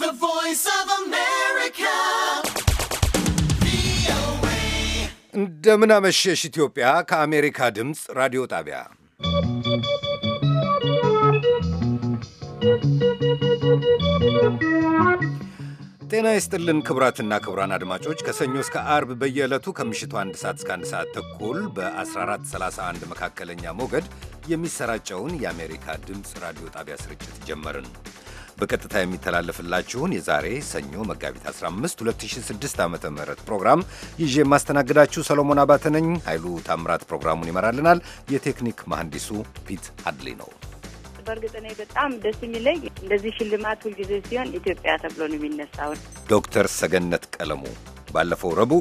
The Voice of America. እንደምን አመሸሽ ኢትዮጵያ። ከአሜሪካ ድምፅ ራዲዮ ጣቢያ ጤና ይስጥልን ክቡራትና ክቡራን አድማጮች ከሰኞ እስከ አርብ በየዕለቱ ከምሽቱ አንድ ሰዓት እስከ አንድ ሰዓት ተኩል በ1431 መካከለኛ ሞገድ የሚሰራጨውን የአሜሪካ ድምፅ ራዲዮ ጣቢያ ስርጭት ጀመርን። በቀጥታ የሚተላለፍላችሁን የዛሬ ሰኞ መጋቢት 15 2006 ዓ ም ፕሮግራም ይዤ የማስተናግዳችሁ ሰሎሞን አባተ ነኝ። ኃይሉ ታምራት ፕሮግራሙን ይመራልናል። የቴክኒክ መሐንዲሱ ፒት አድሊ ነው። በእርግጥ እኔ በጣም ደስ የሚለኝ እንደዚህ ሽልማት ሁልጊዜ ሲሆን ኢትዮጵያ ተብሎ ነው የሚነሳውን ዶክተር ሰገነት ቀለሙ ባለፈው ረቡዕ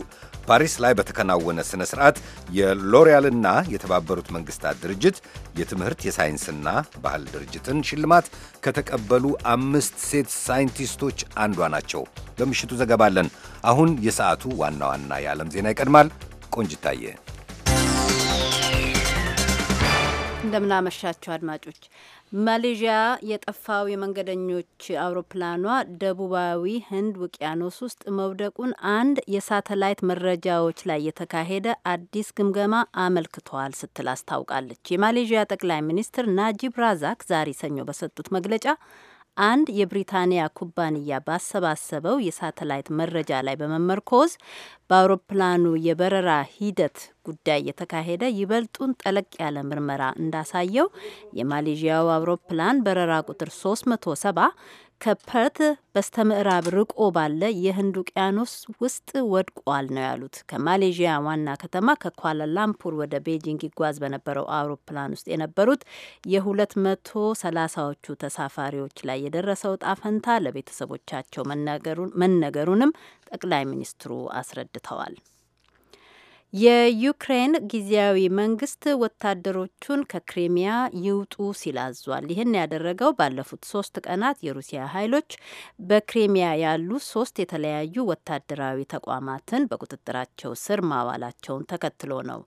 ፓሪስ ላይ በተከናወነ ሥነ ሥርዓት የሎሪያልና የተባበሩት መንግሥታት ድርጅት የትምህርት የሳይንስና ባህል ድርጅትን ሽልማት ከተቀበሉ አምስት ሴት ሳይንቲስቶች አንዷ ናቸው። በምሽቱ ዘገባለን። አሁን የሰዓቱ ዋና ዋና የዓለም ዜና ይቀድማል። ቆንጅታየ እንደምናመሻቸው አድማጮች ማሌዥያ የጠፋው የመንገደኞች አውሮፕላኗ ደቡባዊ ህንድ ውቅያኖስ ውስጥ መውደቁን አንድ የሳተላይት መረጃዎች ላይ የተካሄደ አዲስ ግምገማ አመልክቷል ስትል አስታውቃለች። የማሌዥያ ጠቅላይ ሚኒስትር ናጂብ ራዛክ ዛሬ ሰኞ በሰጡት መግለጫ አንድ የብሪታንያ ኩባንያ ባሰባሰበው የሳተላይት መረጃ ላይ በመመርኮዝ በአውሮፕላኑ የበረራ ሂደት ጉዳይ የተካሄደ ይበልጡን ጠለቅ ያለ ምርመራ እንዳሳየው የማሌዥያው አውሮፕላን በረራ ቁጥር 370 ከፐርት በስተምዕራብ ርቆ ባለ የህንድ ውቅያኖስ ውስጥ ወድቋል ነው ያሉት። ከማሌዥያ ዋና ከተማ ከኳላላምፑር ወደ ቤጂንግ ይጓዝ በነበረው አውሮፕላን ውስጥ የነበሩት የ230ዎቹ ተሳፋሪዎች ላይ የደረሰው ጣፈንታ ለቤተሰቦቻቸው መነገሩንም ጠቅላይ ሚኒስትሩ አስረድተዋል። የዩክሬን ጊዜያዊ መንግስት ወታደሮቹን ከክሬሚያ ይውጡ ሲል አዟል። ይህን ያደረገው ባለፉት ሶስት ቀናት የሩሲያ ኃይሎች በክሬሚያ ያሉ ሶስት የተለያዩ ወታደራዊ ተቋማትን በቁጥጥራቸው ስር ማዋላቸውን ተከትሎ ነው።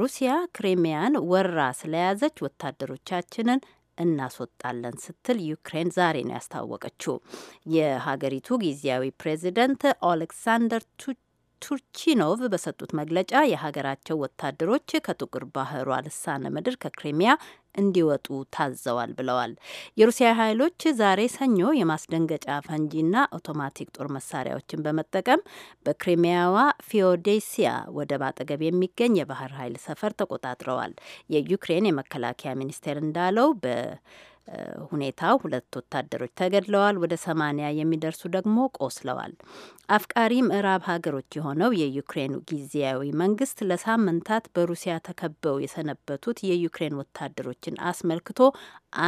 ሩሲያ ክሬሚያን ወራ ስለያዘች ወታደሮቻችንን እናስወጣለን ስትል ዩክሬን ዛሬ ነው ያስታወቀችው። የሀገሪቱ ጊዜያዊ ፕሬዚደንት ኦሌክሳንደር ቱች ቱርቺኖቭ በሰጡት መግለጫ የሀገራቸው ወታደሮች ከጥቁር ባህሯ ልሳነ ምድር ከክሪሚያ እንዲወጡ ታዘዋል ብለዋል። የሩሲያ ኃይሎች ዛሬ ሰኞ የማስደንገጫ ፈንጂና አውቶማቲክ ጦር መሳሪያዎችን በመጠቀም በክሪሚያዋ ፊዮዴሲያ ወደብ አጠገብ የሚገኝ የባህር ኃይል ሰፈር ተቆጣጥረዋል። የዩክሬን የመከላከያ ሚኒስቴር እንዳለው በ ሁኔታ ሁለት ወታደሮች ተገድለዋል። ወደ ሰማኒያ የሚደርሱ ደግሞ ቆስለዋል። አፍቃሪ ምዕራብ ሀገሮች የሆነው የዩክሬን ጊዜያዊ መንግስት ለሳምንታት በሩሲያ ተከበው የሰነበቱት የዩክሬን ወታደሮችን አስመልክቶ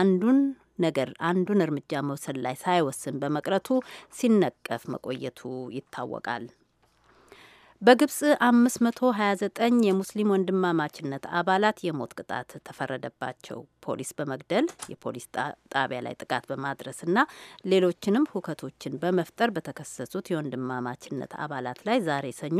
አንዱን ነገር አንዱን እርምጃ መውሰድ ላይ ሳይወስን በመቅረቱ ሲነቀፍ መቆየቱ ይታወቃል። በግብጽ 529 የሙስሊም ወንድማማችነት አባላት የሞት ቅጣት ተፈረደባቸው። ፖሊስ በመግደል የፖሊስ ጣቢያ ላይ ጥቃት በማድረስና ሌሎችንም ሁከቶችን በመፍጠር በተከሰሱት የወንድማማችነት አባላት ላይ ዛሬ ሰኞ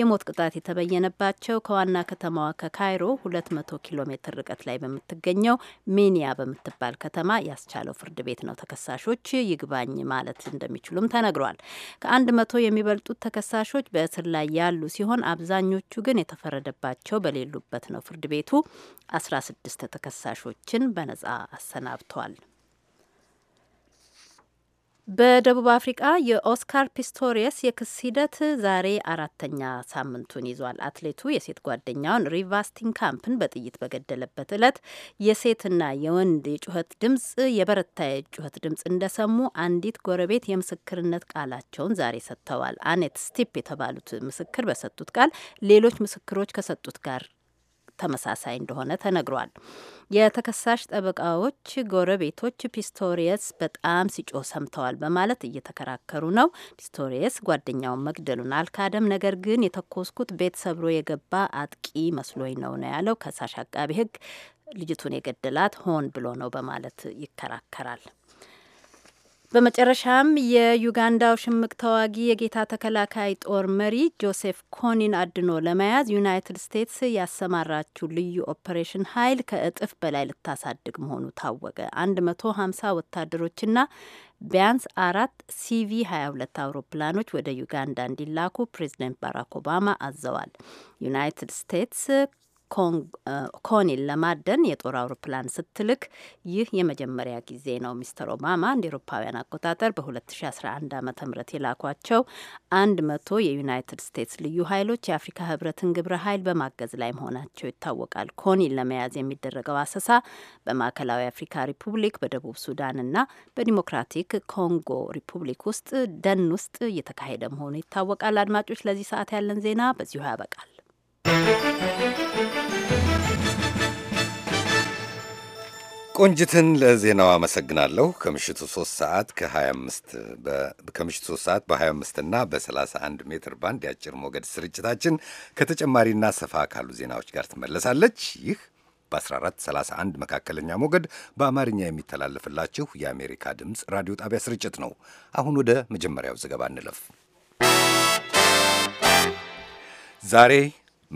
የሞት ቅጣት የተበየነባቸው ከዋና ከተማዋ ከካይሮ 200 ኪሎ ሜትር ርቀት ላይ በምትገኘው ሜኒያ በምትባል ከተማ ያስቻለው ፍርድ ቤት ነው። ተከሳሾች ይግባኝ ማለት እንደሚችሉም ተነግሯል። ከአንድ መቶ የሚበልጡት ተከሳሾች በእስር ላይ ያሉ ሲሆን አብዛኞቹ ግን የተፈረደባቸው በሌሉበት ነው። ፍርድ ቤቱ 16 ተከሳሾችን በነጻ አሰናብቷል። በደቡብ አፍሪቃ የኦስካር ፒስቶሪየስ የክስ ሂደት ዛሬ አራተኛ ሳምንቱን ይዟል። አትሌቱ የሴት ጓደኛውን ሪቫ ስቲንካምፕን በጥይት በገደለበት ዕለት የሴትና የወንድ የጩኸት ድምፅ የበረታ የጩኸት ድምፅ እንደሰሙ አንዲት ጎረቤት የምስክርነት ቃላቸውን ዛሬ ሰጥተዋል። አኔት ስቲፕ የተባሉት ምስክር በሰጡት ቃል ሌሎች ምስክሮች ከሰጡት ጋር ተመሳሳይ እንደሆነ ተነግሯል። የተከሳሽ ጠበቃዎች ጎረቤቶች ፒስቶሪየስ በጣም ሲጮ ሰምተዋል በማለት እየተከራከሩ ነው። ፒስቶሪየስ ጓደኛውን መግደሉን አልካደም። ነገር ግን የተኮስኩት ቤት ሰብሮ የገባ አጥቂ መስሎኝ ነው ነው ያለው ከሳሽ አቃቢ ህግ ልጅቱን የገደላት ሆን ብሎ ነው በማለት ይከራከራል። በመጨረሻም የዩጋንዳው ሽምቅ ተዋጊ የጌታ ተከላካይ ጦር መሪ ጆሴፍ ኮኒን አድኖ ለመያዝ ዩናይትድ ስቴትስ ያሰማራችው ልዩ ኦፕሬሽን ኃይል ከእጥፍ በላይ ልታሳድግ መሆኑ ታወቀ። 150 ወታደሮችና ቢያንስ አራት ሲቪ 22 አውሮፕላኖች ወደ ዩጋንዳ እንዲላኩ ፕሬዚደንት ባራክ ኦባማ አዘዋል። ዩናይትድ ስቴትስ ኮኒን ለማደን የጦር አውሮፕላን ስትልክ ይህ የመጀመሪያ ጊዜ ነው። ሚስተር ኦባማ እንደ ኤሮፓውያን አቆጣጠር በ2011 ዓ ም የላኳቸው አንድ መቶ የዩናይትድ ስቴትስ ልዩ ኃይሎች የአፍሪካ ህብረትን ግብረ ኃይል በማገዝ ላይ መሆናቸው ይታወቃል። ኮኒን ለመያዝ የሚደረገው አሰሳ በማዕከላዊ አፍሪካ ሪፑብሊክ፣ በደቡብ ሱዳንና በዲሞክራቲክ ኮንጎ ሪፑብሊክ ውስጥ ደን ውስጥ እየተካሄደ መሆኑ ይታወቃል። አድማጮች፣ ለዚህ ሰዓት ያለን ዜና በዚሁ ያበቃል። ቆንጅትን ለዜናው አመሰግናለሁ። ከምሽቱ 3 ሰዓት ከ25 ከምሽቱ 3 ሰዓት በ25 እና በ31 ሜትር ባንድ የአጭር ሞገድ ስርጭታችን ከተጨማሪና ሰፋ ካሉ ዜናዎች ጋር ትመለሳለች። ይህ በ1431 መካከለኛ ሞገድ በአማርኛ የሚተላለፍላችሁ የአሜሪካ ድምፅ ራዲዮ ጣቢያ ስርጭት ነው። አሁን ወደ መጀመሪያው ዘገባ እንለፍ። ዛሬ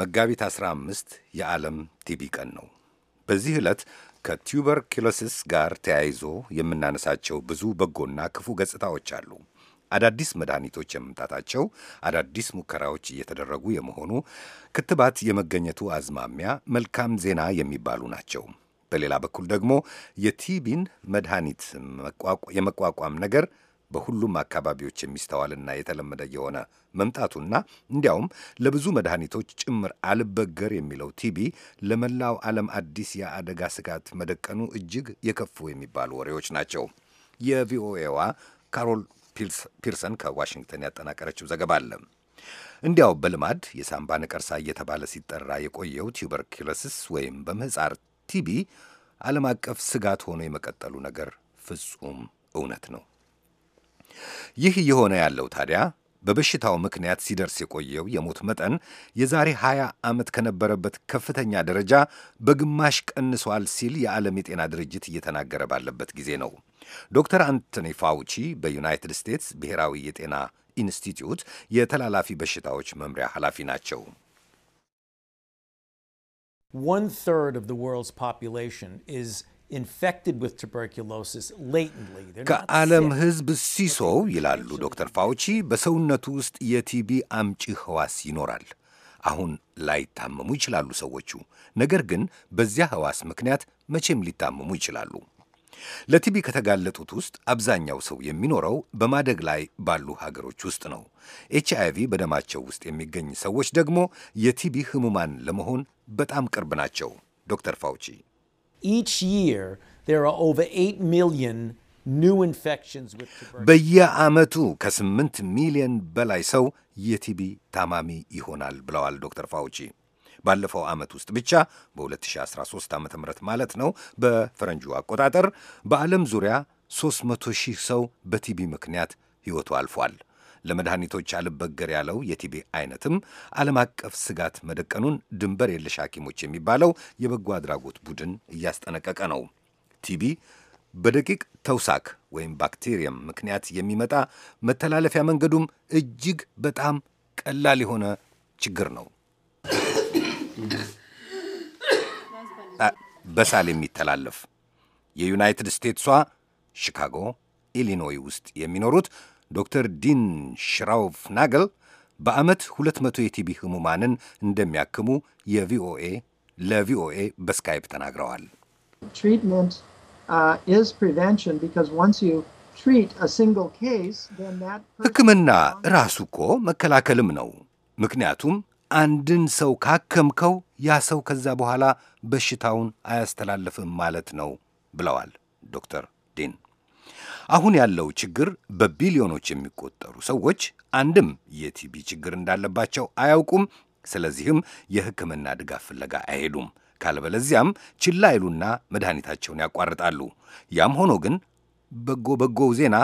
መጋቢት 15 የዓለም ቲቢ ቀን ነው። በዚህ ዕለት ከቱበርኪሎሲስ ጋር ተያይዞ የምናነሳቸው ብዙ በጎና ክፉ ገጽታዎች አሉ። አዳዲስ መድኃኒቶች የመምጣታቸው፣ አዳዲስ ሙከራዎች እየተደረጉ የመሆኑ፣ ክትባት የመገኘቱ አዝማሚያ መልካም ዜና የሚባሉ ናቸው። በሌላ በኩል ደግሞ የቲቢን መድኃኒት የመቋቋም ነገር በሁሉም አካባቢዎች የሚስተዋልና የተለመደ የሆነ መምጣቱና እንዲያውም ለብዙ መድኃኒቶች ጭምር አልበገር የሚለው ቲቢ ለመላው ዓለም አዲስ የአደጋ ስጋት መደቀኑ እጅግ የከፉ የሚባሉ ወሬዎች ናቸው። የቪኦኤዋ ካሮል ፒርሰን ከዋሽንግተን ያጠናቀረችው ዘገባ አለ። እንዲያው በልማድ የሳምባ ነቀርሳ እየተባለ ሲጠራ የቆየው ቱበርኪሎስስ ወይም በምህፃር ቲቢ ዓለም አቀፍ ስጋት ሆኖ የመቀጠሉ ነገር ፍጹም እውነት ነው። ይህ እየሆነ ያለው ታዲያ በበሽታው ምክንያት ሲደርስ የቆየው የሞት መጠን የዛሬ 20 ዓመት ከነበረበት ከፍተኛ ደረጃ በግማሽ ቀንሷል ሲል የዓለም የጤና ድርጅት እየተናገረ ባለበት ጊዜ ነው። ዶክተር አንቶኒ ፋውቺ በዩናይትድ ስቴትስ ብሔራዊ የጤና ኢንስቲትዩት የተላላፊ በሽታዎች መምሪያ ኃላፊ ናቸው። One third of the world's population is ከዓለም ሕዝብ ሲሶው ይላሉ ዶክተር ፋውቺ በሰውነቱ ውስጥ የቲቢ አምጪ ህዋስ ይኖራል። አሁን ላይታመሙ ይችላሉ ሰዎቹ፣ ነገር ግን በዚያ ህዋስ ምክንያት መቼም ሊታመሙ ይችላሉ። ለቲቢ ከተጋለጡት ውስጥ አብዛኛው ሰው የሚኖረው በማደግ ላይ ባሉ ሀገሮች ውስጥ ነው። ኤች አይቪ በደማቸው ውስጥ የሚገኝ ሰዎች ደግሞ የቲቢ ህሙማን ለመሆን በጣም ቅርብ ናቸው። ዶክተር ፋውቺ each year there are over 8 million በየዓመቱ ሚሊዮን በላይ ሰው የቲቢ ታማሚ ይሆናል ብለዋል ዶክተር ፋውቺ። ባለፈው ዓመት ውስጥ ብቻ በ2013 ዓ ም ማለት ነው በፈረንጁ አቆጣጠር በዓለም ዙሪያ 300 ሺህ ሰው በቲቢ ምክንያት ሕይወቱ አልፏል። ለመድኃኒቶች አልበገር ያለው የቲቢ አይነትም ዓለም አቀፍ ስጋት መደቀኑን ድንበር የለሽ ሐኪሞች የሚባለው የበጎ አድራጎት ቡድን እያስጠነቀቀ ነው። ቲቢ በደቂቅ ተውሳክ ወይም ባክቴሪየም ምክንያት የሚመጣ መተላለፊያ መንገዱም እጅግ በጣም ቀላል የሆነ ችግር ነው። በሳል የሚተላለፍ የዩናይትድ ስቴትሷ ሺካጎ ኢሊኖይ ውስጥ የሚኖሩት ዶክተር ዲን ሽራውፍ ናገል በዓመት 200 የቲቢ ህሙማንን እንደሚያክሙ የቪኦኤ ለቪኦኤ በስካይፕ ተናግረዋል። uh, ሕክምና ራሱ እኮ መከላከልም ነው። ምክንያቱም አንድን ሰው ካከምከው ያ ሰው ከዛ በኋላ በሽታውን አያስተላልፍም ማለት ነው ብለዋል ዶክተር ዲን። አሁን ያለው ችግር በቢሊዮኖች የሚቆጠሩ ሰዎች አንድም የቲቢ ችግር እንዳለባቸው አያውቁም። ስለዚህም የሕክምና ድጋፍ ፍለጋ አይሄዱም። ካለበለዚያም ችላ ይሉና መድኃኒታቸውን ያቋርጣሉ። ያም ሆኖ ግን በጎ በጎው ዜና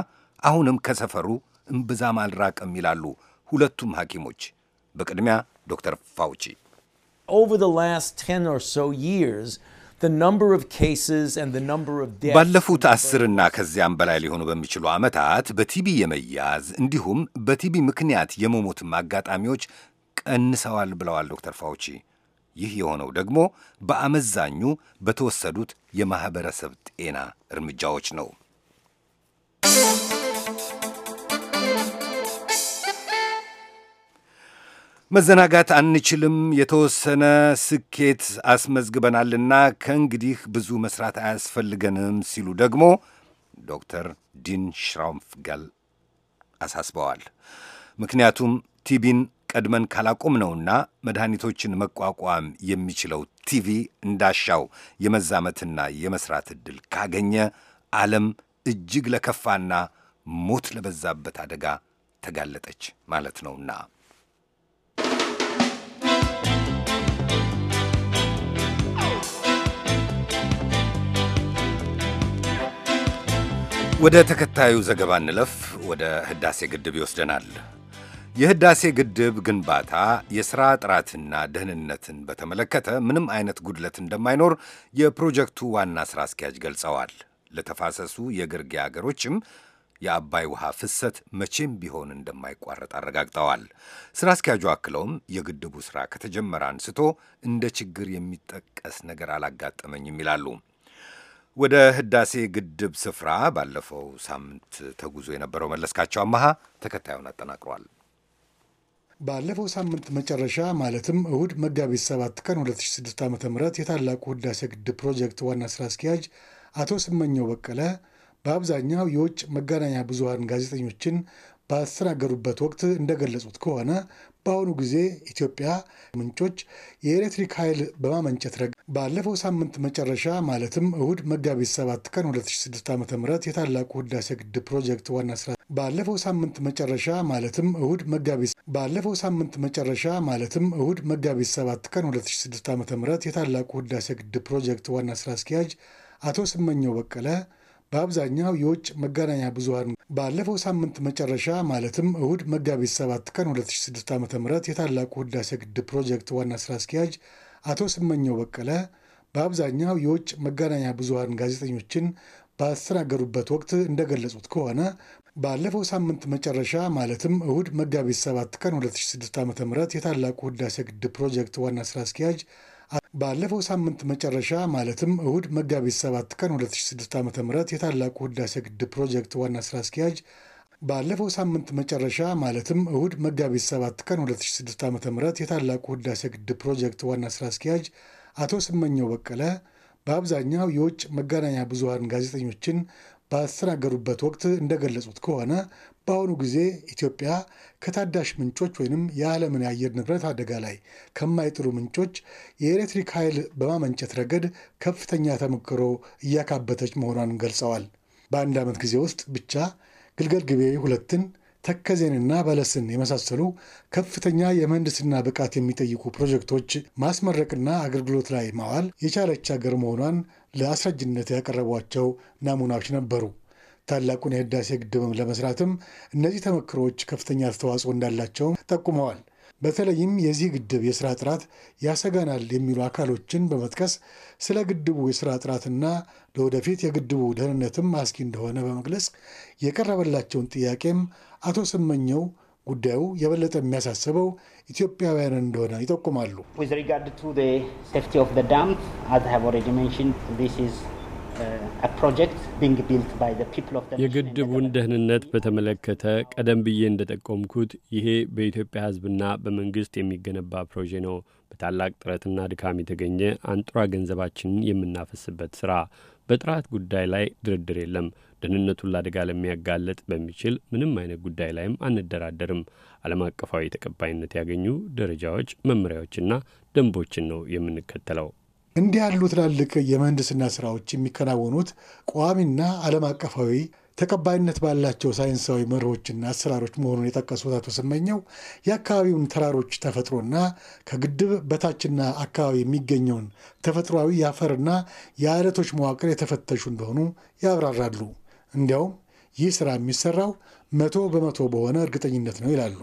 አሁንም ከሰፈሩ እምብዛም አልራቅም ይላሉ ሁለቱም ሐኪሞች። በቅድሚያ ዶክተር ፋውቺ ባለፉት አስርና ከዚያም በላይ ሊሆኑ በሚችሉ ዓመታት በቲቢ የመያዝ እንዲሁም በቲቢ ምክንያት የመሞትም አጋጣሚዎች ቀንሰዋል ብለዋል ዶክተር ፋውቺ። ይህ የሆነው ደግሞ በአመዛኙ በተወሰዱት የማኅበረሰብ ጤና እርምጃዎች ነው። መዘናጋት አንችልም። የተወሰነ ስኬት አስመዝግበናልና ከእንግዲህ ብዙ መስራት አያስፈልገንም ሲሉ ደግሞ ዶክተር ዲን ሽራውምፍጋል አሳስበዋል። ምክንያቱም ቲቢን ቀድመን ካላቆም ነውና መድኃኒቶችን መቋቋም የሚችለው ቲቪ እንዳሻው የመዛመትና የመስራት ዕድል ካገኘ ዓለም እጅግ ለከፋና ሞት ለበዛበት አደጋ ተጋለጠች ማለት ነውና ወደ ተከታዩ ዘገባ እንለፍ። ወደ ህዳሴ ግድብ ይወስደናል። የህዳሴ ግድብ ግንባታ የሥራ ጥራትና ደህንነትን በተመለከተ ምንም አይነት ጉድለት እንደማይኖር የፕሮጀክቱ ዋና ሥራ አስኪያጅ ገልጸዋል። ለተፋሰሱ የግርጌ አገሮችም የአባይ ውሃ ፍሰት መቼም ቢሆን እንደማይቋረጥ አረጋግጠዋል። ሥራ አስኪያጁ አክለውም የግድቡ ሥራ ከተጀመረ አንስቶ እንደ ችግር የሚጠቀስ ነገር አላጋጠመኝም ይላሉ። ወደ ህዳሴ ግድብ ስፍራ ባለፈው ሳምንት ተጉዞ የነበረው መለስካቸው አመሃ ተከታዩን አጠናቅሯል። ባለፈው ሳምንት መጨረሻ ማለትም እሁድ መጋቢት 7 ቀን 2006 ዓ ም የታላቁ ህዳሴ ግድብ ፕሮጀክት ዋና ስራ አስኪያጅ አቶ ስመኘው በቀለ በአብዛኛው የውጭ መገናኛ ብዙሃን ጋዜጠኞችን ባስተናገዱበት ወቅት እንደገለጹት ከሆነ በአሁኑ ጊዜ ኢትዮጵያ ምንጮች የኤሌክትሪክ ኃይል በማመንጨት ረግ ባለፈው ሳምንት መጨረሻ ማለትም እሁድ መጋቢት 7 ቀን 2006 ዓ ም የታላቁ ህዳሴ ግድብ ፕሮጀክት ዋና ስራ ባለፈው ሳምንት መጨረሻ ማለትም እሁድ መጋቢት ባለፈው ሳምንት መጨረሻ ማለትም እሁድ መጋቢት 7 ቀን 2006 ዓ ም የታላቁ ህዳሴ ግድብ ፕሮጀክት ዋና ስራ አስኪያጅ አቶ ስመኘው በቀለ በአብዛኛው የውጭ መገናኛ ብዙሀን ባለፈው ሳምንት መጨረሻ ማለትም እሁድ መጋቢት 7 ቀን 2006 ዓ ም የታላቁ ህዳሴ ግድብ ፕሮጀክት ዋና ስራ አስኪያጅ አቶ ስመኘው በቀለ በአብዛኛው የውጭ መገናኛ ብዙሀን ጋዜጠኞችን ባስተናገዱበት ወቅት እንደገለጹት ከሆነ ባለፈው ሳምንት መጨረሻ ማለትም እሁድ መጋቢት 7 ቀን 2006 ዓ ም የታላቁ ህዳሴ ግድብ ፕሮጀክት ዋና ስራ አስኪያጅ ባለፈው ሳምንት መጨረሻ ማለትም እሁድ መጋቢት 7 ቀን 2006 ዓ ም የታላቁ ህዳሴ ግድብ ፕሮጀክት ዋና ስራ አስኪያጅ ባለፈው ሳምንት መጨረሻ ማለትም እሁድ መጋቢት 7 ቀን 2006 ዓ ም የታላቁ ህዳሴ ግድብ ፕሮጀክት ዋና ስራ አስኪያጅ አቶ ስመኘው በቀለ በአብዛኛው የውጭ መገናኛ ብዙሃን ጋዜጠኞችን ባስተናገዱበት ወቅት እንደገለጹት ከሆነ በአሁኑ ጊዜ ኢትዮጵያ ከታዳሽ ምንጮች ወይንም የዓለምን የአየር ንብረት አደጋ ላይ ከማይጥሉ ምንጮች የኤሌክትሪክ ኃይል በማመንጨት ረገድ ከፍተኛ ተሞክሮ እያካበተች መሆኗን ገልጸዋል። በአንድ ዓመት ጊዜ ውስጥ ብቻ ግልገል ግቤ ሁለትን ተከዜንና በለስን የመሳሰሉ ከፍተኛ የምህንድስና ብቃት የሚጠይቁ ፕሮጀክቶች ማስመረቅና አገልግሎት ላይ ማዋል የቻለች ሀገር መሆኗን ለአስረጅነት ያቀረቧቸው ናሙናዎች ነበሩ። ታላቁን የህዳሴ ግድብም ለመስራትም እነዚህ ተመክሮዎች ከፍተኛ አስተዋጽኦ እንዳላቸውም ጠቁመዋል። በተለይም የዚህ ግድብ የስራ ጥራት ያሰጋናል የሚሉ አካሎችን በመጥቀስ ስለ ግድቡ የስራ ጥራትና ለወደፊት የግድቡ ደህንነትም አስጊ እንደሆነ በመግለጽ የቀረበላቸውን ጥያቄም አቶ ስመኘው ጉዳዩ የበለጠ የሚያሳስበው ኢትዮጵያውያን እንደሆነ ይጠቁማሉ። Uh, የግድቡን ደህንነት በተመለከተ ቀደም ብዬ እንደጠቆምኩት ይሄ በኢትዮጵያ ሕዝብና በመንግስት የሚገነባ ፕሮጄ ነው። በታላቅ ጥረትና ድካም የተገኘ አንጡራ ገንዘባችንን የምናፈስበት ስራ። በጥራት ጉዳይ ላይ ድርድር የለም። ደህንነቱን ለአደጋ ለሚያጋለጥ በሚችል ምንም አይነት ጉዳይ ላይም አንደራደርም። ዓለም አቀፋዊ ተቀባይነት ያገኙ ደረጃዎች፣ መመሪያዎችና ደንቦችን ነው የምንከተለው። እንዲህ ያሉ ትላልቅ የምህንድስና ስራዎች የሚከናወኑት ቋሚና ዓለም አቀፋዊ ተቀባይነት ባላቸው ሳይንሳዊ መርሆችና አሰራሮች መሆኑን የጠቀሱት አቶ ስመኘው የአካባቢውን ተራሮች ተፈጥሮና ከግድብ በታችና አካባቢ የሚገኘውን ተፈጥሯዊ የአፈርና የአለቶች መዋቅር የተፈተሹ እንደሆኑ ያብራራሉ። እንዲያውም ይህ ስራ የሚሰራው መቶ በመቶ በሆነ እርግጠኝነት ነው ይላሉ።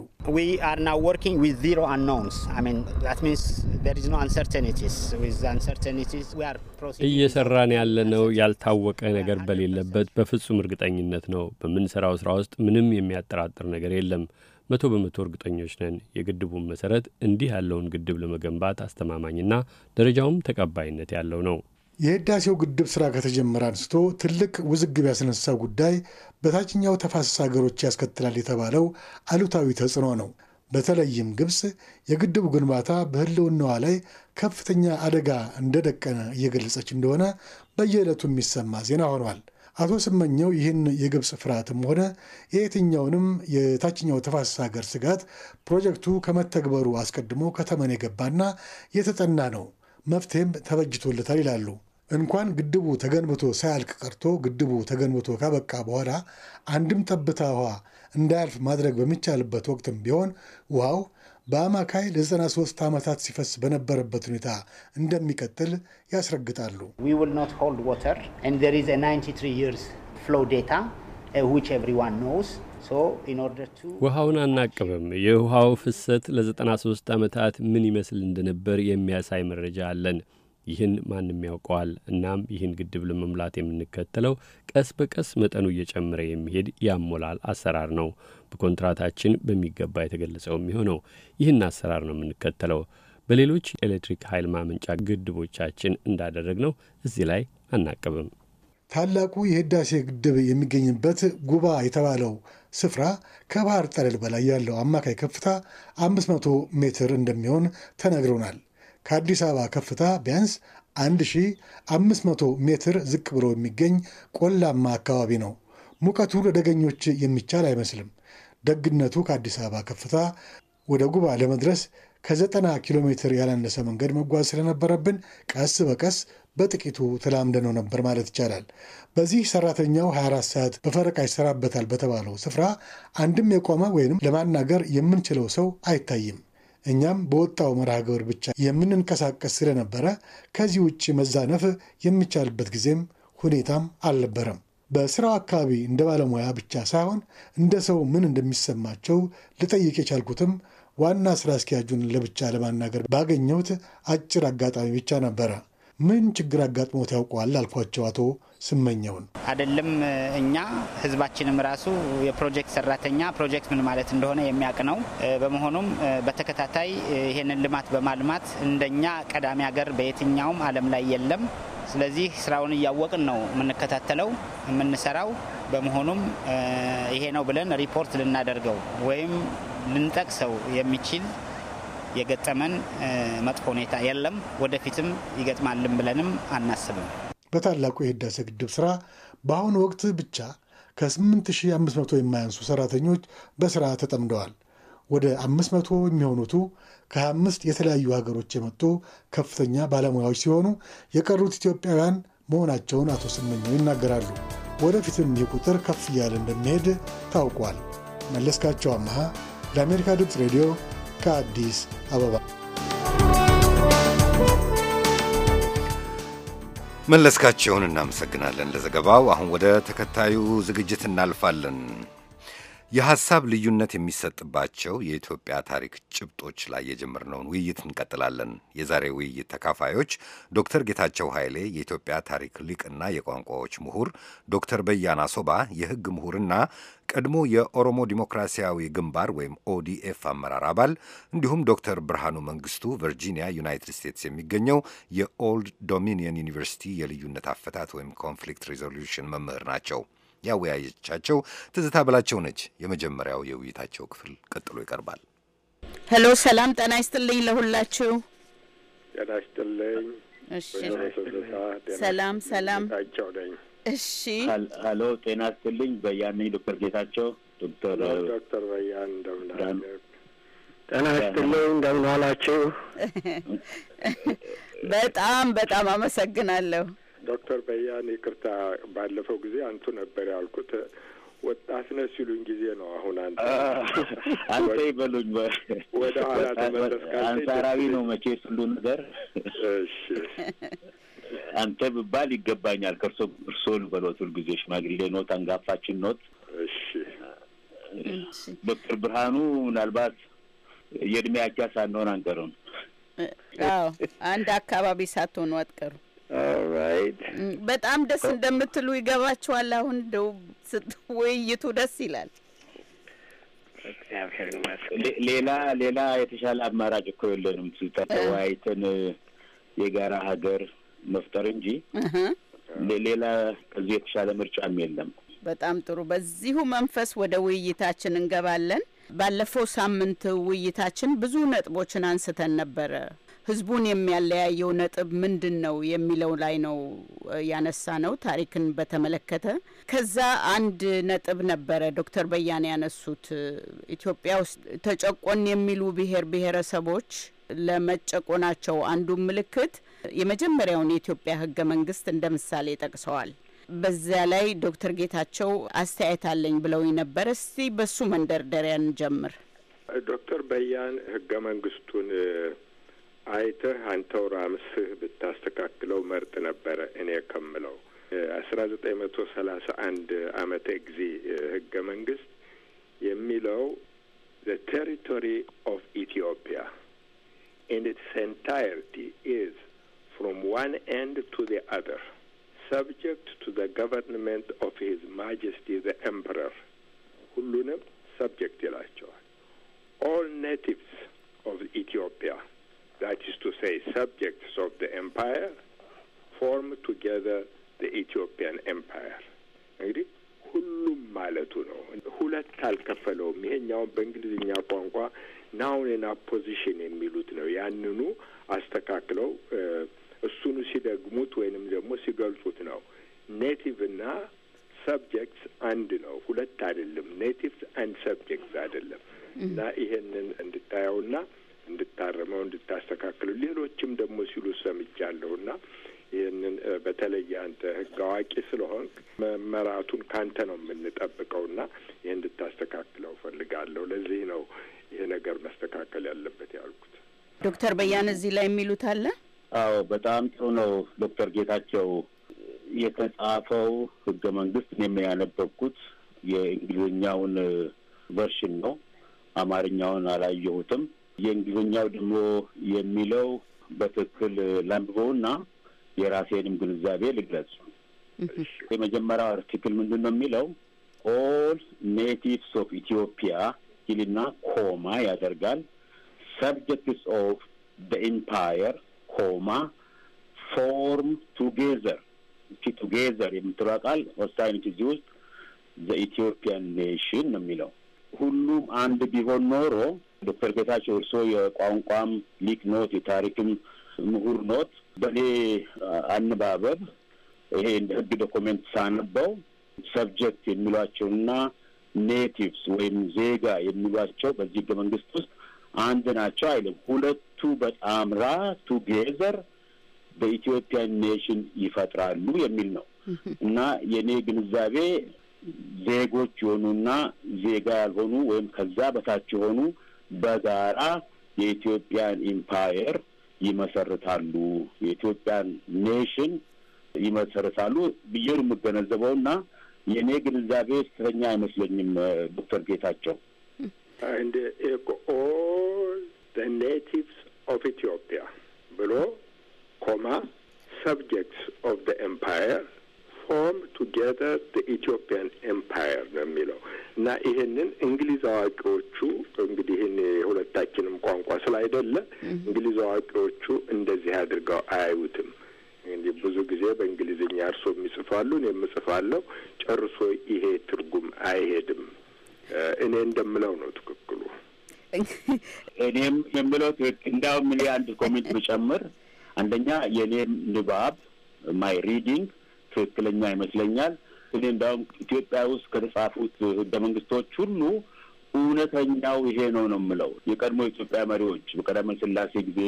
እየሰራን ያለነው ያልታወቀ ነገር በሌለበት በፍጹም እርግጠኝነት ነው። በምንሰራው ስራ ውስጥ ምንም የሚያጠራጥር ነገር የለም። መቶ በመቶ እርግጠኞች ነን። የግድቡን መሰረት እንዲህ ያለውን ግድብ ለመገንባት አስተማማኝና ደረጃውም ተቀባይነት ያለው ነው። የህዳሴው ግድብ ስራ ከተጀመረ አንስቶ ትልቅ ውዝግብ ያስነሳው ጉዳይ በታችኛው ተፋሰስ ሀገሮች ያስከትላል የተባለው አሉታዊ ተጽዕኖ ነው። በተለይም ግብፅ የግድቡ ግንባታ በህልውናዋ ላይ ከፍተኛ አደጋ እንደደቀነ እየገለጸች እንደሆነ በየዕለቱ የሚሰማ ዜና ሆኗል። አቶ ስመኘው ይህን የግብፅ ፍርሃትም ሆነ የየትኛውንም የታችኛው ተፋሰስ ሀገር ስጋት ፕሮጀክቱ ከመተግበሩ አስቀድሞ ከተመን የገባና የተጠና ነው፣ መፍትሄም ተበጅቶለታል ይላሉ። እንኳን ግድቡ ተገንብቶ ሳያልቅ ቀርቶ ግድቡ ተገንብቶ ካበቃ በኋላ አንድም ጠብታ ውሃ እንዳያልፍ ማድረግ በሚቻልበት ወቅትም ቢሆን ውሃው በአማካይ ለ93 ዓመታት ሲፈስ በነበረበት ሁኔታ እንደሚቀጥል ያስረግጣሉ። uh, ውሃውን አናቅብም። የውሃው ፍሰት ለ93 ዓመታት ምን ይመስል እንደነበር የሚያሳይ መረጃ አለን። ይህን ማንም ያውቀዋል። እናም ይህን ግድብ ለመሙላት የምንከተለው ቀስ በቀስ መጠኑ እየጨመረ የሚሄድ ያሞላል አሰራር ነው። በኮንትራታችን በሚገባ የተገለጸው የሚሆነው ይህን አሰራር ነው የምንከተለው። በሌሎች ኤሌክትሪክ ኃይል ማመንጫ ግድቦቻችን እንዳደረግ ነው እዚህ ላይ አናቅብም። ታላቁ የህዳሴ ግድብ የሚገኝበት ጉባ የተባለው ስፍራ ከባህር ጠለል በላይ ያለው አማካይ ከፍታ 500 ሜትር እንደሚሆን ተነግሮናል። ከአዲስ አበባ ከፍታ ቢያንስ 1500 ሜትር ዝቅ ብሎ የሚገኝ ቆላማ አካባቢ ነው። ሙቀቱ ለደገኞች የሚቻል አይመስልም። ደግነቱ ከአዲስ አበባ ከፍታ ወደ ጉባ ለመድረስ ከዘጠና ኪሎ ሜትር ያላነሰ መንገድ መጓዝ ስለነበረብን ቀስ በቀስ በጥቂቱ ተላምደነው ነበር ማለት ይቻላል። በዚህ ሰራተኛው 24 ሰዓት በፈረቃ ይሰራበታል በተባለው ስፍራ አንድም የቆመ ወይንም ለማናገር የምንችለው ሰው አይታይም። እኛም በወጣው መርሃ ግብር ብቻ የምንንቀሳቀስ ስለነበረ ከዚህ ውጭ መዛነፍ የሚቻልበት ጊዜም ሁኔታም አልነበረም። በስራው አካባቢ እንደ ባለሙያ ብቻ ሳይሆን እንደ ሰው ምን እንደሚሰማቸው ልጠይቅ የቻልኩትም ዋና ስራ አስኪያጁን ለብቻ ለማናገር ባገኘሁት አጭር አጋጣሚ ብቻ ነበረ። ምን ችግር አጋጥሞት ያውቀዋል አልኳቸው አቶ ስመኛውን። አይደለም እኛ ህዝባችንም ራሱ የፕሮጀክት ሰራተኛ ፕሮጀክት ምን ማለት እንደሆነ የሚያውቅ ነው። በመሆኑም በተከታታይ ይህንን ልማት በማልማት እንደኛ ቀዳሚ ሀገር በየትኛውም ዓለም ላይ የለም። ስለዚህ ስራውን እያወቅን ነው የምንከታተለው የምንሰራው። በመሆኑም ይሄ ነው ብለን ሪፖርት ልናደርገው ወይም ልንጠቅሰው የሚችል የገጠመን መጥፎ ሁኔታ የለም። ወደፊትም ይገጥማልን ብለንም አናስብም። በታላቁ የህዳሴ ግድብ ስራ በአሁኑ ወቅት ብቻ ከ8500 የማያንሱ ሰራተኞች በስራ ተጠምደዋል። ወደ 500 የሚሆኑቱ ከ25 የተለያዩ ሀገሮች የመጡ ከፍተኛ ባለሙያዎች ሲሆኑ የቀሩት ኢትዮጵያውያን መሆናቸውን አቶ ስመኘው ይናገራሉ። ወደፊትም ይህ ቁጥር ከፍ እያለ እንደሚሄድ ታውቋል። መለስካቸው አመሃ ለአሜሪካ ድምፅ ሬዲዮ ከአዲስ አበባ መለስካቸውን እናመሰግናለን ለዘገባው። አሁን ወደ ተከታዩ ዝግጅት እናልፋለን። የሐሳብ ልዩነት የሚሰጥባቸው የኢትዮጵያ ታሪክ ጭብጦች ላይ የጀመርነውን ውይይት እንቀጥላለን። የዛሬ ውይይት ተካፋዮች ዶክተር ጌታቸው ኃይሌ የኢትዮጵያ ታሪክ ሊቅና የቋንቋዎች ምሁር፣ ዶክተር በያና ሶባ የሕግ ምሁርና ቀድሞ የኦሮሞ ዲሞክራሲያዊ ግንባር ወይም ኦዲኤፍ አመራር አባል እንዲሁም ዶክተር ብርሃኑ መንግስቱ ቨርጂኒያ ዩናይትድ ስቴትስ የሚገኘው የኦልድ ዶሚኒየን ዩኒቨርሲቲ የልዩነት አፈታት ወይም ኮንፍሊክት ሪዞሉሽን መምህር ናቸው። ያወያየቻቸው ትዝታ ብላቸው ነች። የመጀመሪያው የውይይታቸው ክፍል ቀጥሎ ይቀርባል። ሄሎ፣ ሰላም ጤና ይስጥልኝ ለሁላችሁ። ጤና ይስጥልኝ። ሰላም ሰላም። እሺ፣ ሄሎ፣ ጤና ይስጥልኝ በያነኝ። ዶክተር ጌታቸው ዶክተር ዶክተር በያን እንደምን ጤና ይስጥልኝ። እንደምን አላችሁ? በጣም በጣም አመሰግናለሁ። ዶክተር በያን ይቅርታ፣ ባለፈው ጊዜ አንቱ ነበር ያልኩት ወጣት ነህ ሲሉኝ ጊዜ ነው። አሁን አንተ አንተ ይበሉኝ ወደ ኋላ ተመለስካ። አንጻራዊ ነው መቼ ሁሉ ነገር። እሺ አንተ ብባል ይገባኛል። ከእርሶ እርሶ ልበሎት። ሁልጊዜ ሽማግሌ ኖት፣ አንጋፋችን ኖት። እሺ ዶክተር ብርሃኑ ምናልባት የእድሜ አቻ ሳንሆን አንቀርም። አዎ አንድ አካባቢ ሳትሆኑ አትቀሩም። በጣም ደስ እንደምትሉ ይገባችኋል። አሁን እንደው ውይይቱ ደስ ይላል። ሌላ ሌላ የተሻለ አማራጭ እኮ የለንም ተወያይተን የጋራ ሀገር መፍጠር እንጂ ሌላ ከዚህ የተሻለ ምርጫም የለም። በጣም ጥሩ። በዚሁ መንፈስ ወደ ውይይታችን እንገባለን። ባለፈው ሳምንት ውይይታችን ብዙ ነጥቦችን አንስተን ነበረ። ህዝቡን የሚያለያየው ነጥብ ምንድን ነው የሚለው ላይ ነው ያነሳ ነው ታሪክን በተመለከተ። ከዛ አንድ ነጥብ ነበረ ዶክተር በያን ያነሱት ኢትዮጵያ ውስጥ ተጨቆን የሚሉ ብሔር ብሔረሰቦች ለመጨቆናቸው አንዱ ምልክት የመጀመሪያውን የኢትዮጵያ ህገ መንግስት እንደ ምሳሌ ጠቅሰዋል። በዚያ ላይ ዶክተር ጌታቸው አስተያየት አለኝ ነበር። እስቲ በሱ መንደርደሪያ እንጀምር። ዶክተር በያን ህገ መንግስቱን አይተህ አንተው ራምስህ ብታስተካክለው መርጥ ነበረ እኔ ከምለው አስራ ዘጠኝ መቶ ሰላሳ አንድ አመተ ጊዜ ህገ መንግስት የሚለው the territory of Ethiopia in its entirety is from one end to the other subject to the government of his majesty the emperor ሁሉንም ሰብጀክት ይላቸዋል all natives of Ethiopia that is to say, subjects of the empire, form together the ኢትዮጵያን ኤምፓየር እንግዲህ ሁሉም ማለቱ ነው። ሁለት አልከፈለውም። ይሄኛውን በእንግሊዝኛ ቋንቋ ናውንና ፖዚሽን የሚሉት ነው። ያንኑ አስተካክለው እሱኑ ሲደግሙት ወይንም ደግሞ ሲገልጹት ነው። ኔቲቭ እና ሰብጀክትስ አንድ ነው፣ ሁለት አይደለም። ኔቲቭ አንድ ሰብጀክትስ አይደለም እና ይሄንን እንድታየውና እንድታርመው እንድታስተካክሉ ሌሎችም ደግሞ ሲሉ ሰምቻለሁ እና ይህንን በተለይ አንተ ህግ አዋቂ ስለሆንክ መመራቱን ካንተ ነው የምንጠብቀው እና ይህ እንድታስተካክለው ፈልጋለሁ። ለዚህ ነው ይሄ ነገር መስተካከል ያለበት ያልኩት። ዶክተር በያን እዚህ ላይ የሚሉት አለ? አዎ በጣም ጥሩ ነው ዶክተር ጌታቸው የተጻፈው ህገ መንግስት እኔም ያነበብኩት የእንግሊዝኛውን ቨርሽን ነው። አማርኛውን አላየሁትም። የእንግሊዝኛው ደግሞ የሚለው በትክክል ላንብበውና የራሴንም ግንዛቤ ልግለጽ። የመጀመሪያው አርቲክል ምንድን ነው የሚለው ኦል ኔቲቭስ ኦፍ ኢትዮጵያ ይልና ኮማ ያደርጋል ሰብጀክትስ ኦፍ ኢምፓየር ኮማ ፎርም ቱጌዘር እቺ ቱጌዘር የምትለው ቃል ወሳኝ እዚህ ውስጥ ዘኢትዮጵያን ኔሽን ነው የሚለው ሁሉም አንድ ቢሆን ኖሮ ዶክተር ጌታቸው እርሶ የቋንቋም ሊቅ ኖት፣ የታሪክም ምሁር ኖት። በእኔ አነባበብ ይሄ እንደ ህግ ዶኮሜንት ሳነበው ሰብጀክት የሚሏቸውና ኔቲቭስ ወይም ዜጋ የሚሏቸው በዚህ ህገ መንግስት ውስጥ አንድ ናቸው አይልም። ሁለቱ በጣምራ ቱጌዘር በኢትዮጵያ ኔሽን ይፈጥራሉ የሚል ነው እና የእኔ ግንዛቤ ዜጎች የሆኑና ዜጋ ያልሆኑ ወይም ከዛ በታች የሆኑ በጋራ የኢትዮጵያን ኢምፓየር ይመሰርታሉ፣ የኢትዮጵያን ኔሽን ይመሰርታሉ ብዬ ነው የምገነዘበው እና የእኔ ግንዛቤ ስተኛ አይመስለኝም። ዶክተር ጌታቸው ኦል ኔቲቭስ ኦፍ ኢትዮጵያ ብሎ ኮማ ሰብጀክትስ ኦፍ ኤምፓየር ፎርም ቱጌዘር ኢትዮጵያን ኤምፓየር ነው የሚለው እና ይህንን እንግሊዝ አዋቂዎቹ እንግዲህ ይህን የሁለታችንም ቋንቋ ስላይደለ እንግሊዝ አዋቂዎቹ እንደዚህ አድርገው አያዩትም። እንግዲህ ብዙ ጊዜ በእንግሊዝኛ እርሶ የሚጽፋሉ፣ እኔ የምጽፋለሁ። ጨርሶ ይሄ ትርጉም አይሄድም። እኔ እንደምለው ነው ትክክሉ። እኔም የምለው ትክክል። እንዳውም እኔ አንድ ኮሜንት ብጨምር፣ አንደኛ የእኔም ንባብ ማይ ሪዲንግ ትክክለኛ ይመስለኛል። እኔ እንዲያውም ኢትዮጵያ ውስጥ ከተጻፉት ህገ መንግስቶች ሁሉ እውነተኛው ይሄ ነው ነው የምለው። የቀድሞ ኢትዮጵያ መሪዎች በቀዳማዊ ስላሴ ጊዜ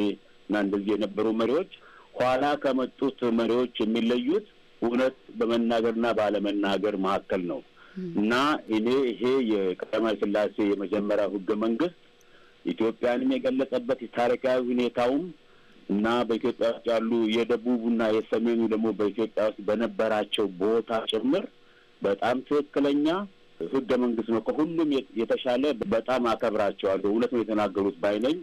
እና እንደዚህ የነበሩ መሪዎች ኋላ ከመጡት መሪዎች የሚለዩት እውነት በመናገርና ባለመናገር መካከል ነው እና እኔ ይሄ የቀዳማዊ ስላሴ የመጀመሪያው ህገ መንግስት ኢትዮጵያንም የገለጸበት ታሪካዊ ሁኔታውም እና በኢትዮጵያ ውስጥ ያሉ የደቡቡና የሰሜኑ ደግሞ በኢትዮጵያ ውስጥ በነበራቸው ቦታ ጭምር በጣም ትክክለኛ ህገ መንግስት ነው። ከሁሉም የተሻለ በጣም አከብራቸዋለሁ። እውነት ነው የተናገሩት ባይነኝ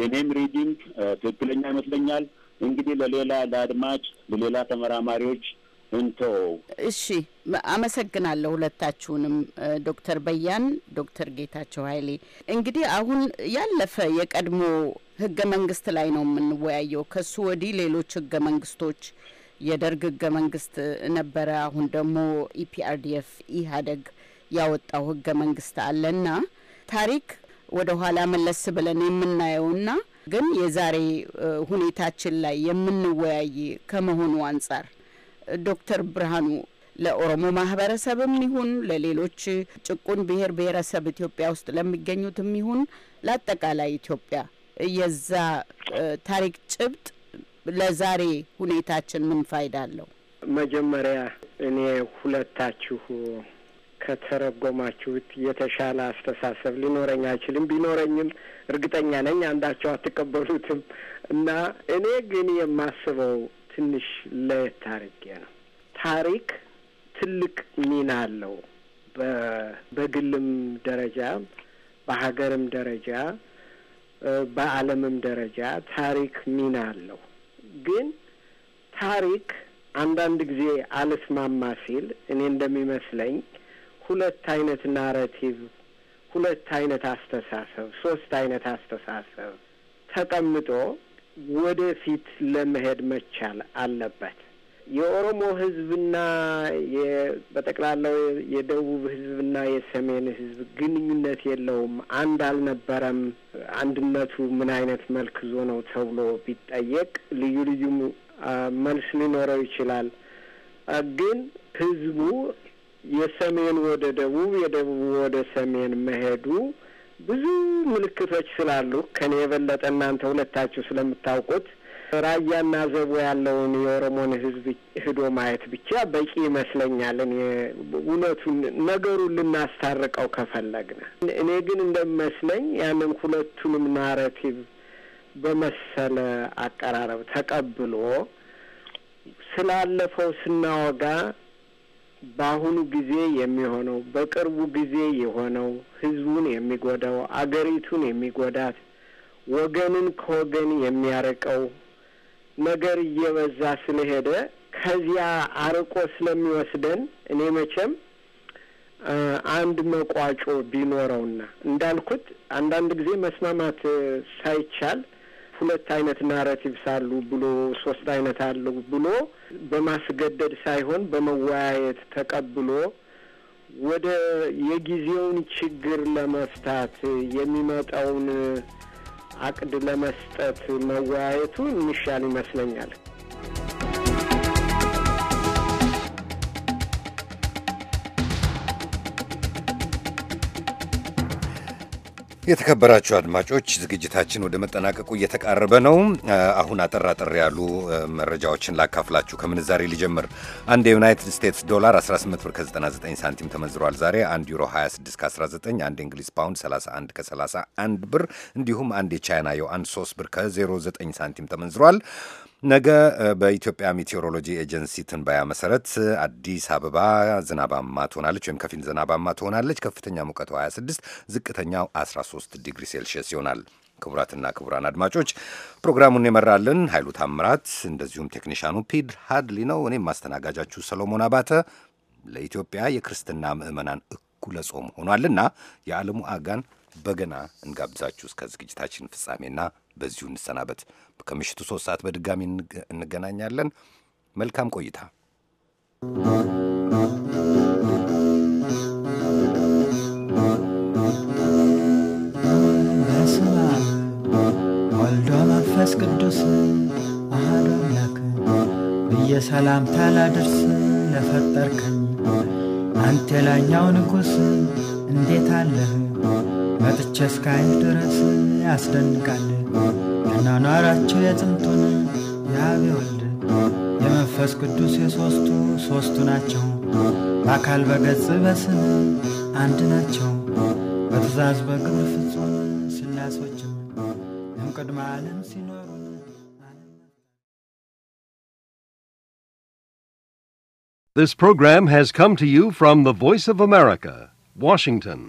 የኔም ሪዲንግ ትክክለኛ ይመስለኛል። እንግዲህ ለሌላ ለአድማጭ ለሌላ ተመራማሪዎች እንቶ እሺ፣ አመሰግናለሁ ሁለታችሁንም፣ ዶክተር በያን ዶክተር ጌታቸው ኃይሌ። እንግዲህ አሁን ያለፈ የቀድሞ ህገ መንግስት ላይ ነው የምንወያየው። ከሱ ወዲህ ሌሎች ህገ መንግስቶች የደርግ ህገ መንግስት ነበረ። አሁን ደግሞ ኢፒአርዲኤፍ ኢህአዴግ ያወጣው ህገ መንግስት አለና ታሪክ ወደ ኋላ መለስ ብለን የምናየውና ግን የዛሬ ሁኔታችን ላይ የምንወያይ ከመሆኑ አንጻር ዶክተር ብርሃኑ ለኦሮሞ ማህበረሰብም ይሁን ለሌሎች ጭቁን ብሔር ብሔረሰብ ኢትዮጵያ ውስጥ ለሚገኙትም ይሁን ለአጠቃላይ ኢትዮጵያ የዛ ታሪክ ጭብጥ ለዛሬ ሁኔታችን ምን ፋይዳ አለው? መጀመሪያ እኔ ሁለታችሁ ከተረጎማችሁት የተሻለ አስተሳሰብ ሊኖረኝ አይችልም። ቢኖረኝም እርግጠኛ ነኝ አንዳቸው አትቀበሉትም እና እኔ ግን የማስበው ትንሽ ለየት አድርጌ ነው። ታሪክ ትልቅ ሚና አለው። በግልም ደረጃ በሀገርም ደረጃ በዓለምም ደረጃ ታሪክ ሚና አለው። ግን ታሪክ አንዳንድ ጊዜ አልስማማ ሲል እኔ እንደሚመስለኝ ሁለት አይነት ናረቲቭ፣ ሁለት አይነት አስተሳሰብ፣ ሶስት አይነት አስተሳሰብ ተቀምጦ ወደፊት ለመሄድ መቻል አለበት። የኦሮሞ ህዝብና በጠቅላላው የደቡብ ህዝብና የሰሜን ህዝብ ግንኙነት የለውም፣ አንድ አልነበረም፣ አንድነቱ ምን አይነት መልክ ይዞ ነው ተብሎ ቢጠየቅ ልዩ ልዩ መልስ ሊኖረው ይችላል። ግን ህዝቡ የሰሜን ወደ ደቡብ፣ የደቡብ ወደ ሰሜን መሄዱ ብዙ ምልክቶች ስላሉ ከኔ የበለጠ እናንተ ሁለታችሁ ስለምታውቁት ራያና ዘቦ ያለውን የኦሮሞን ህዝብ ሂዶ ማየት ብቻ በቂ ይመስለኛል። እኔ እውነቱን ነገሩን ልናስታርቀው ከፈለግነ እኔ ግን እንደሚመስለኝ ያንን ሁለቱንም ናረቲቭ በመሰለ አቀራረብ ተቀብሎ ስላለፈው ስናወጋ በአሁኑ ጊዜ የሚሆነው በቅርቡ ጊዜ የሆነው ህዝቡን የሚጎዳው አገሪቱን የሚጎዳት ወገንን ከወገን የሚያርቀው ነገር እየበዛ ስለሄደ ከዚያ አርቆ ስለሚወስደን እኔ መቼም አንድ መቋጮ ቢኖረውና እንዳልኩት አንዳንድ ጊዜ መስማማት ሳይቻል ሁለት አይነት ናራቲቭስ አሉ ብሎ ሶስት አይነት አሉ ብሎ በማስገደድ ሳይሆን በመወያየት ተቀብሎ ወደ የጊዜውን ችግር ለመፍታት የሚመጣውን አቅድ ለመስጠት መወያየቱ ምንሻል ይመስለኛል። የተከበራችሁ አድማጮች ዝግጅታችን ወደ መጠናቀቁ እየተቃረበ ነው። አሁን አጠር አጠር ያሉ መረጃዎችን ላካፍላችሁ። ከምንዛሬ ሊጀምር አንድ የዩናይትድ ስቴትስ ዶላር 18 ብር ከ99 ሳንቲም ተመንዝሯል። ዛሬ አንድ ዩሮ 26 ከ19፣ አንድ እንግሊዝ ፓውንድ 31 ከ31 ብር እንዲሁም አንድ የቻይና ዩዋን 3 ብር ከ09 ሳንቲም ተመንዝሯል። ነገ በኢትዮጵያ ሜቴሮሎጂ ኤጀንሲ ትንበያ መሰረት አዲስ አበባ ዝናባማ ትሆናለች ወይም ከፊል ዝናባማ ትሆናለች። ከፍተኛ ሙቀቱ 26፣ ዝቅተኛው 13 ዲግሪ ሴልሺየስ ይሆናል። ክቡራትና ክቡራን አድማጮች ፕሮግራሙን የመራልን ኃይሉ ታምራት፣ እንደዚሁም ቴክኒሻኑ ፒድ ሀድሊ ነው። እኔም ማስተናጋጃችሁ ሰሎሞን አባተ። ለኢትዮጵያ የክርስትና ምዕመናን እኩለ ጾም ሆኗልና የዓለሙ አጋን በገና እንጋብዛችሁ እስከ ዝግጅታችን ፍጻሜና በዚሁ እንሰናበት። ከምሽቱ ሶስት ሰዓት በድጋሚ እንገናኛለን። መልካም ቆይታ። ወልዶ መንፈስ ቅዱስ አሐዱ አምላክ ብዬ ሰላምታ ላድርስ ለፈጠርከኝ አንተ የላይኛው ንጉሥ እንዴት አለህ መጥቼ እስካይህ ድረስ ያስደንቃል። አኗኗራቸው የጥንቱን የአብ የወልድ የመንፈስ ቅዱስ የሦስቱ ሦስቱ ናቸው። በአካል በገጽ በስም አንድ ናቸው። በትእዛዝ በግብር ፍጹም ሥላሴዎችም እምቅድመ ዓለም ሲኖሩ This program has come to you from the Voice of America, Washington.